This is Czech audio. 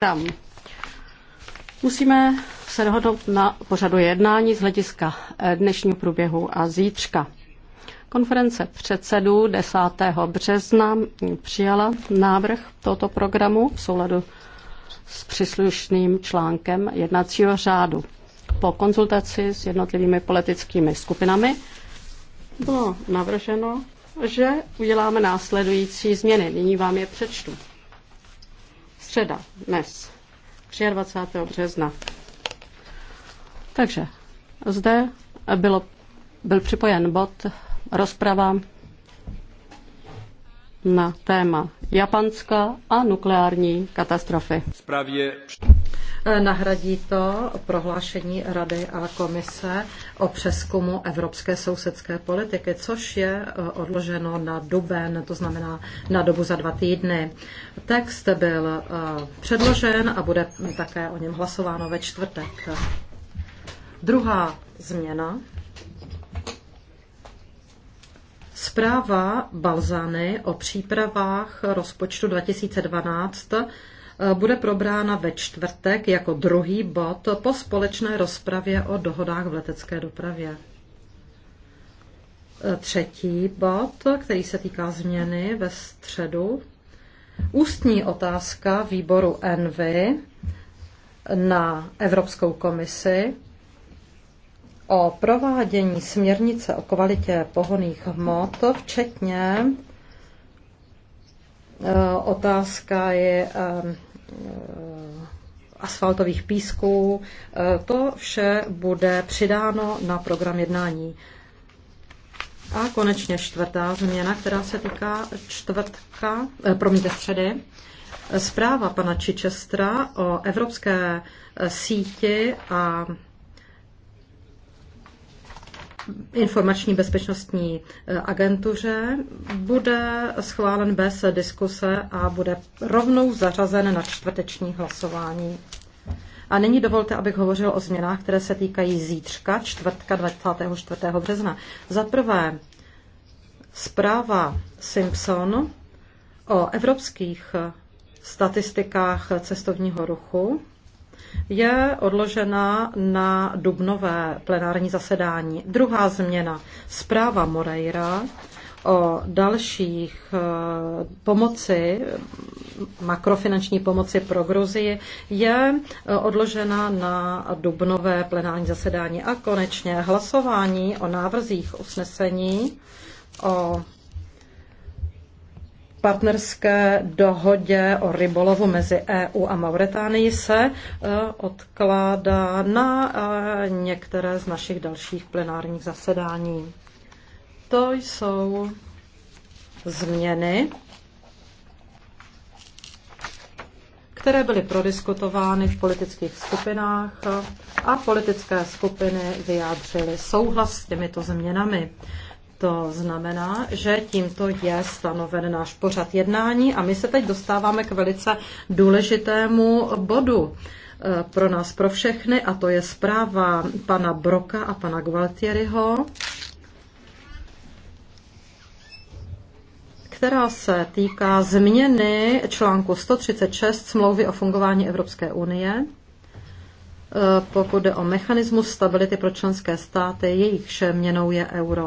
program. Musíme se dohodnout na pořadu jednání z hlediska eh, dnešního průběhu a zítřka. Konference předsedů 10. března přijala návrh tohoto programu v souladu s příslušným článkem jednacího řádu. Po konzultaci s jednotlivými politickými skupinami bylo navrženo, že uděláme následující změny. Nyní vám je přečtu středa, dnes, 23. března. Takže zde bylo, byl připojen bod rozprava na téma Japanska a nukleární katastrofy. Spravě... Nahradí to prohlášení Rady a komise o přeskumu evropské sousedské politiky, což je eh, odloženo na duben, to znamená na dobu za dva týdny. Text byl eh, předložen a bude také o něm hlasováno ve čtvrtek. Druhá změna Zpráva Balzany o přípravách rozpočtu 2012 eh, bude probrána ve čtvrtek jako druhý bod po společné rozpravě o dohodách v letecké dopravě. Eh, třetí bod, který se týká změny ve středu. Ústní otázka výboru ENVY na Evropskou komisi o provádění směrnice o kvalitě pohoných hmot, včetně e, otázka je e, e, asfaltových písků. To vše bude přidáno na program jednání. A konečně čtvrtá změna, která se týká čtvrtka, promiňte středy, zpráva pana Čičestra o evropské síti a informační bezpečnostní e, agentuře bude schválen bez diskuse a bude rovnou zařazen na čtvrteční hlasování. A nyní dovolte, abych hovořil o změnách, které se týkají zítřka, čtvrtka 24. března. Za prvé, zpráva Simpson o evropských statistikách cestovního ruchu je odložena na dubnové plenární zasedání. Druhá změna, zpráva Moreira o dalších eh, pomoci, makrofinanční pomoci pro Gruzii, je eh, odložena na dubnové plenární zasedání. A konečně hlasování o návrzích usnesení o partnerské dohodě o rybolovu mezi EU a Mauretánií se e, odkládá na e, některé z našich dalších plenárních zasedání. To jsou změny, které byly prodiskutovány v politických skupinách a politické skupiny vyjádřily souhlas s těmito změnami. To znamená, že tímto je stanoven náš pořad jednání a my se teď dostáváme k velice důležitému bodu eh, pro nás, pro všechny, a to je zpráva pana Broka a pana Gualtieriho, která se týká změny článku 136 smlouvy o fungování Evropské unie eh, pokud jde o mechanismus stability pro členské státy, jejichž měnou je euro.